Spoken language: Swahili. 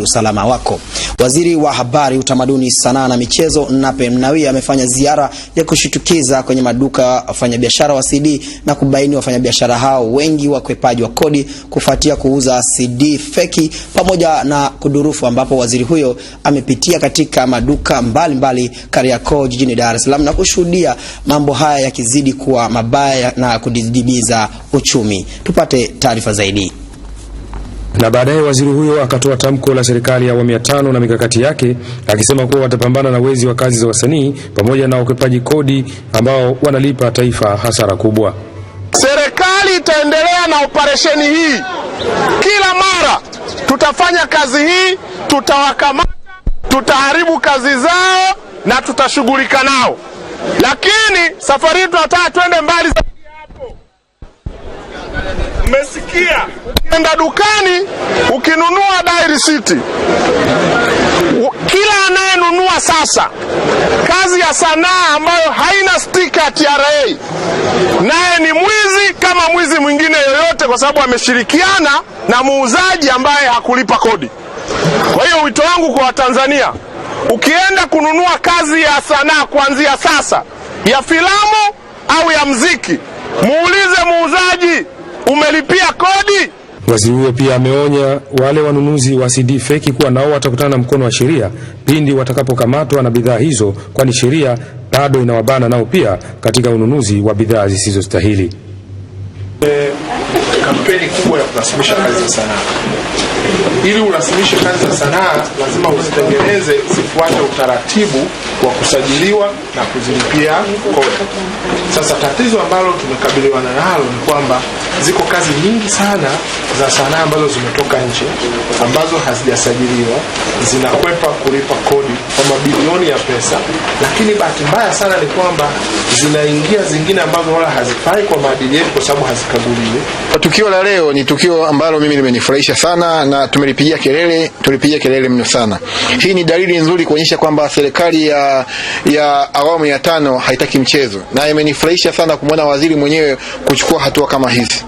usalama wako. Waziri wa Habari, Utamaduni, Sanaa na Michezo Nape mnawi amefanya ziara ya kushitukiza kwenye maduka ya wafanyabiashara wa CD na kubaini wafanyabiashara hao wengi wakwepaji wa kodi kufuatia kuuza CD feki pamoja na kudurufu, ambapo waziri huyo amepitia katika maduka mbalimbali Kariakoo jijini Dar es Salaam na kushuhudia mambo haya yakizidi kuwa mabaya na kudidibiza uchumi. Tupate taarifa zaidi na baadaye waziri huyo akatoa tamko la serikali ya awamu ya tano na mikakati yake akisema kuwa watapambana na wezi wa kazi za wasanii pamoja na wakwepaji kodi ambao wanalipa taifa hasara kubwa. Serikali itaendelea na operesheni hii, kila mara tutafanya kazi hii, tutawakamata, tutaharibu kazi zao na tutashughulika nao, lakini safari hii tunataka twende mbali. Mmesikia? Ukienda dukani ukinunua dairy city kila anayenunua sasa kazi ya sanaa ambayo haina stika ya TRA naye ni mwizi kama mwizi mwingine yoyote, kwa sababu ameshirikiana na muuzaji ambaye hakulipa kodi. Kwa hiyo wito wangu kwa Watanzania, ukienda kununua kazi ya sanaa kuanzia sasa ya filamu au ya mziki, muulize muuzaji umelipia kodi? Waziri huyo pia ameonya wale wanunuzi wa CD feki kuwa nao watakutana na mkono wa sheria pindi watakapokamatwa na bidhaa hizo, kwani sheria bado inawabana nao pia katika ununuzi wa bidhaa zisizostahili. E, kampeni kubwa ya kurasimisha kazi za sanaa. Ili urasimishe kazi za sanaa, lazima uzitengeneze zifuate utaratibu wa kusajiliwa na kuzilipia kodi. Sasa tatizo ambalo tumekabiliwa nalo ni kwamba ziko kazi nyingi sana za sanaa ambazo zimetoka nje ambazo hazijasajiliwa, zinakwepa kulipa kodi kwa mabilioni ya pesa, lakini bahati mbaya sana ni kwamba zinaingia zingine ambazo wala hazifai kwa maadili yetu, kwa sababu hazikaguliwi. Tukio la leo ni tukio ambalo mimi limenifurahisha sana na tumelipigia kelele, tulipigia kelele mno sana. Hii ni dalili nzuri kuonyesha kwamba serikali ya, ya awamu ya tano haitaki mchezo, na imenifurahisha sana kumwona waziri mwenyewe kuchukua hatua kama hizi.